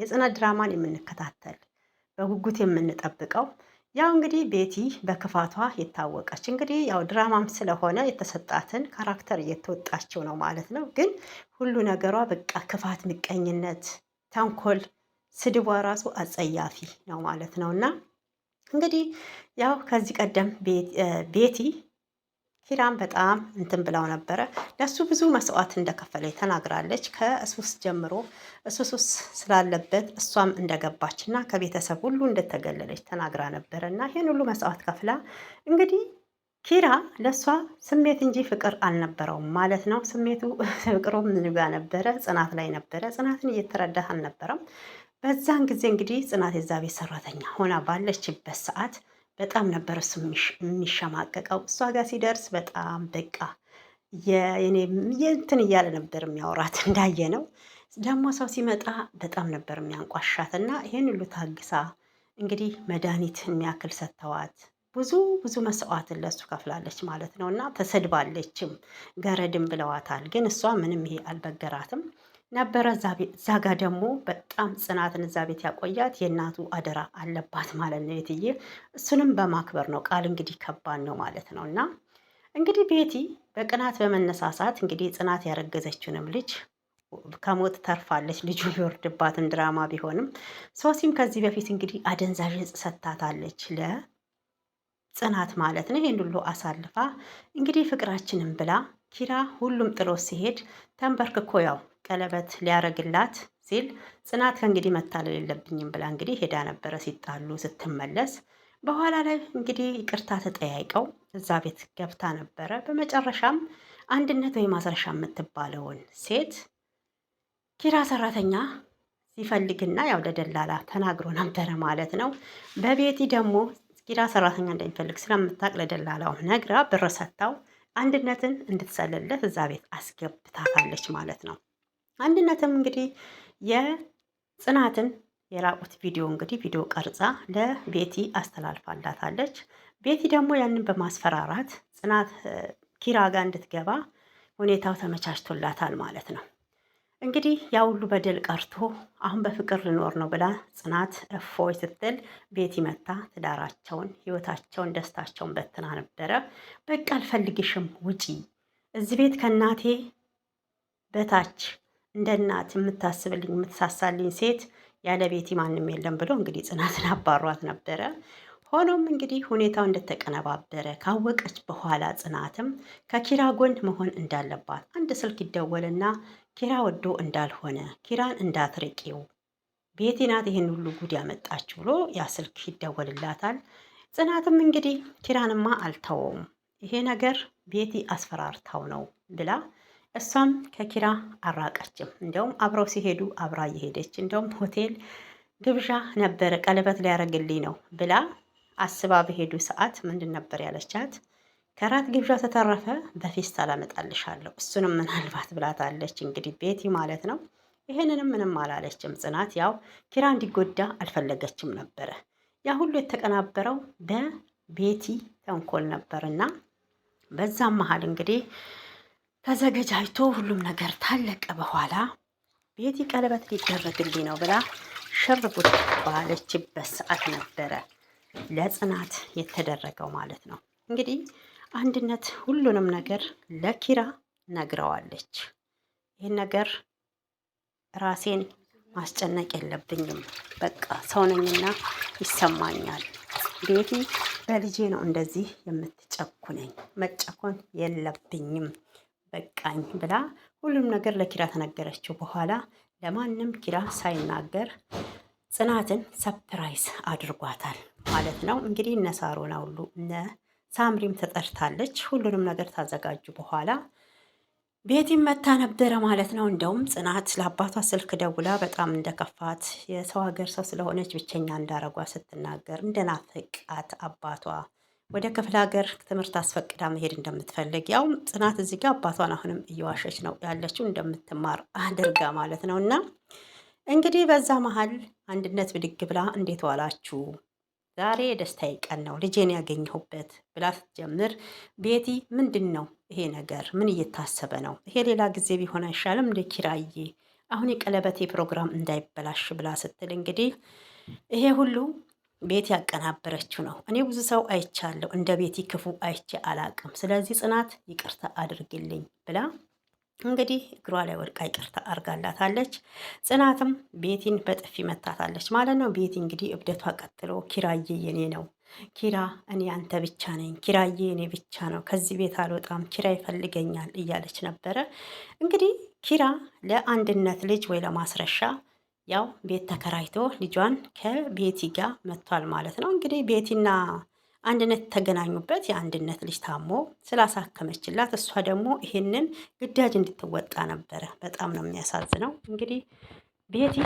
የጽናት ድራማን የምንከታተል በጉጉት የምንጠብቀው ያው እንግዲህ ቤቲ በክፋቷ የታወቀች እንግዲህ ያው ድራማም ስለሆነ የተሰጣትን ካራክተር እየተወጣችው ነው ማለት ነው። ግን ሁሉ ነገሯ በቃ ክፋት፣ ምቀኝነት፣ ተንኮል፣ ስድቧ ራሱ አጸያፊ ነው ማለት ነው እና እንግዲህ ያው ከዚህ ቀደም ቤቲ ኪራም በጣም እንትን ብላው ነበረ። ለሱ ብዙ መስዋዕት እንደከፈለ ተናግራለች። ከእሱስ ጀምሮ እሱስ ስላለበት እሷም እንደገባች እና ከቤተሰብ ሁሉ እንደተገለለች ተናግራ ነበረ እና ይህን ሁሉ መስዋዕት ከፍላ እንግዲህ ኪራ ለእሷ ስሜት እንጂ ፍቅር አልነበረውም ማለት ነው። ስሜቱ ፍቅሩ ምን ጋር ነበረ? ጽናት ላይ ነበረ። ጽናትን እየተረዳት አልነበረም። በዛን ጊዜ እንግዲህ ጽናት የዛ ቤት ሰራተኛ ሆና ባለችበት ሰዓት በጣም ነበር እሱ የሚሸማቀቀው። እሷ ጋር ሲደርስ በጣም በቃ የእንትን እያለ ነበር የሚያወራት እንዳየ ነው። ደግሞ ሰው ሲመጣ በጣም ነበር የሚያንቋሻት እና ይህን ሁሉ ታግሳ እንግዲህ መድኃኒት የሚያክል ሰጥተዋት ብዙ ብዙ መስዋዕትን ለእሱ ከፍላለች ማለት ነው። እና ተሰድባለችም ገረድም ብለዋታል። ግን እሷ ምንም ይሄ አልበገራትም። ነበረ። እዛ ጋ ደግሞ በጣም ጽናትን እዛ ቤት ያቆያት የእናቱ አደራ አለባት ማለት ነው የትዬ እሱንም በማክበር ነው ቃል እንግዲህ ከባድ ነው ማለት ነው። እና እንግዲህ ቤቲ በቅናት በመነሳሳት እንግዲህ ጽናት ያረገዘችውንም ልጅ ከሞት ተርፋለች። ልጁ ቢወርድባትም ድራማ ቢሆንም ሶሲም ከዚህ በፊት እንግዲህ አደንዛዥ እጽ ለጽናት ማለት ነው። ይህን ሁሉ አሳልፋ እንግዲህ ፍቅራችንም ብላ ኪራ ሁሉም ጥሎ ሲሄድ ተንበርክኮ ያው ቀለበት ሊያረግላት ሲል ጽናት ከእንግዲህ መታለል የለብኝም ብላ እንግዲህ ሄዳ ነበረ ሲጣሉ ስትመለስ በኋላ ላይ እንግዲህ ይቅርታ ተጠያይቀው እዛ ቤት ገብታ ነበረ። በመጨረሻም አንድነት ወይም ማስረሻ የምትባለውን ሴት ኪራ ሰራተኛ ሲፈልግና ያው ለደላላ ተናግሮ ነበረ ማለት ነው። በቤቲ ደግሞ ኪራ ሰራተኛ እንደሚፈልግ ስለምታቅ ለደላላው ነግራ ብር ሰጥታው አንድነትን እንድትሰልለት እዛ ቤት አስገብታታለች ማለት ነው። አንድነትም እንግዲህ የጽናትን የራቁት ቪዲዮ እንግዲህ ቪዲዮ ቀርጻ ለቤቲ አስተላልፋላታለች። ቤቲ ደግሞ ያንን በማስፈራራት ጽናት ኪራ ጋር እንድትገባ ሁኔታው ተመቻችቶላታል ማለት ነው። እንግዲህ ያ ሁሉ በደል ቀርቶ አሁን በፍቅር ልኖር ነው ብላ ጽናት እፎይ ስትል ቤቲ መታ ትዳራቸውን፣ ህይወታቸውን፣ ደስታቸውን በትና ነበረ። በቃ አልፈልግሽም፣ ውጪ፣ እዚህ ቤት ከእናቴ በታች እንደ እናት የምታስብልኝ የምትሳሳልኝ ሴት ያለ ቤቲ ማንም የለም ብሎ እንግዲህ ጽናትን አባሯት ነበረ። ሆኖም እንግዲህ ሁኔታው እንደተቀነባበረ ካወቀች በኋላ ጽናትም ከኪራ ጎን መሆን እንዳለባት አንድ ስልክ ይደወልና ኪራ ወዶ እንዳልሆነ ኪራን እንዳትርቂው ቤቲ ናት ይህን ሁሉ ጉድ ያመጣች ብሎ ያ ስልክ ይደወልላታል። ጽናትም እንግዲህ ኪራንማ አልተወውም፣ ይሄ ነገር ቤቲ አስፈራርታው ነው ብላ እሷም ከኪራ አራቀችም። እንደውም አብረው ሲሄዱ አብራ እየሄደች እንደውም ሆቴል ግብዣ ነበረ ቀለበት ሊያደርግልኝ ነው ብላ አስባ በሄዱ ሰዓት ምንድን ነበር ያለቻት? ከራት ግብዣ ተተረፈ በፌስታል አመጣልሻለሁ እሱንም ምናልባት ብላታለች። እንግዲህ ቤቲ ማለት ነው። ይህንንም ምንም አላለችም ጽናት። ያው ኪራ እንዲጎዳ አልፈለገችም ነበረ። ያ ሁሉ የተቀናበረው በቤቲ ተንኮል ነበርና በዛም መሀል እንግዲህ ተዘገጃጅቶ ሁሉም ነገር ታለቀ በኋላ ቤቲ ቀለበት ሊደረግልኝ ነው ብላ ሸርጉድ ባለችበት ሰዓት ነበረ ለጽናት የተደረገው ማለት ነው። እንግዲህ አንድነት ሁሉንም ነገር ለኪራ ነግረዋለች። ይህን ነገር ራሴን ማስጨነቅ የለብኝም በቃ ሰው ነኝና ይሰማኛል። ቤቲ በልጄ ነው እንደዚህ የምትጨኩነኝ፣ መጨኮን የለብኝም በቃኝ ብላ ሁሉም ነገር ለኪራ ተነገረችው። በኋላ ለማንም ኪራ ሳይናገር ጽናትን ሰፕራይዝ አድርጓታል ማለት ነው። እንግዲህ እነ ሳሮና ሁሉ እነ ሳምሪም ተጠርታለች። ሁሉንም ነገር ታዘጋጁ በኋላ ቤቲም መታ ነበረ ማለት ነው። እንደውም ጽናት ለአባቷ ስልክ ደውላ በጣም እንደከፋት የሰው ሀገር ሰው ስለሆነች ብቸኛ እንዳረጓ ስትናገር እንደናፍቃት አባቷ ወደ ክፍለ ሀገር ትምህርት አስፈቅዳ መሄድ እንደምትፈልግ ያውም ጽናት እዚህ ጋር አባቷን አሁንም እየዋሸች ነው ያለችው እንደምትማር አድርጋ ማለት ነው። እና እንግዲህ በዛ መሀል አንድነት ብድግ ብላ እንዴት ዋላችሁ፣ ዛሬ ደስታዬ ቀን ነው ልጄን ያገኘሁበት ብላ ስትጀምር፣ ቤቲ ምንድን ነው ይሄ ነገር? ምን እየታሰበ ነው? ይሄ ሌላ ጊዜ ቢሆን አይሻልም? እንደ ኪራዬ አሁን የቀለበቴ ፕሮግራም እንዳይበላሽ ብላ ስትል እንግዲህ ይሄ ሁሉ ቤት ያቀናበረችው ነው። እኔ ብዙ ሰው አይቻለሁ፣ እንደ ቤቲ ክፉ አይቼ አላቅም። ስለዚህ ጽናት ይቅርታ አድርግልኝ ብላ እንግዲህ እግሯ ላይ ወድቃ ይቅርታ አርጋላታለች። ጽናትም ቤቲን በጥፊ መታታለች ማለት ነው። ቤቲ እንግዲህ እብደቷ ቀጥሎ ኪራዬ የኔ ነው፣ ኪራ እኔ አንተ ብቻ ነኝ፣ ኪራዬ እኔ ብቻ ነው፣ ከዚህ ቤት አልወጣም፣ ኪራ ይፈልገኛል እያለች ነበረ። እንግዲህ ኪራ ለአንድነት ልጅ ወይ ለማስረሻ ያው ቤት ተከራይቶ ልጇን ከቤቲ ጋር መጥቷል ማለት ነው። እንግዲህ ቤቲና አንድነት የተገናኙበት የአንድነት ልጅ ታሞ ስላሳከመችላት እሷ ደግሞ ይህንን ግዳጅ እንድትወጣ ነበረ። በጣም ነው የሚያሳዝነው። እንግዲህ ቤቲ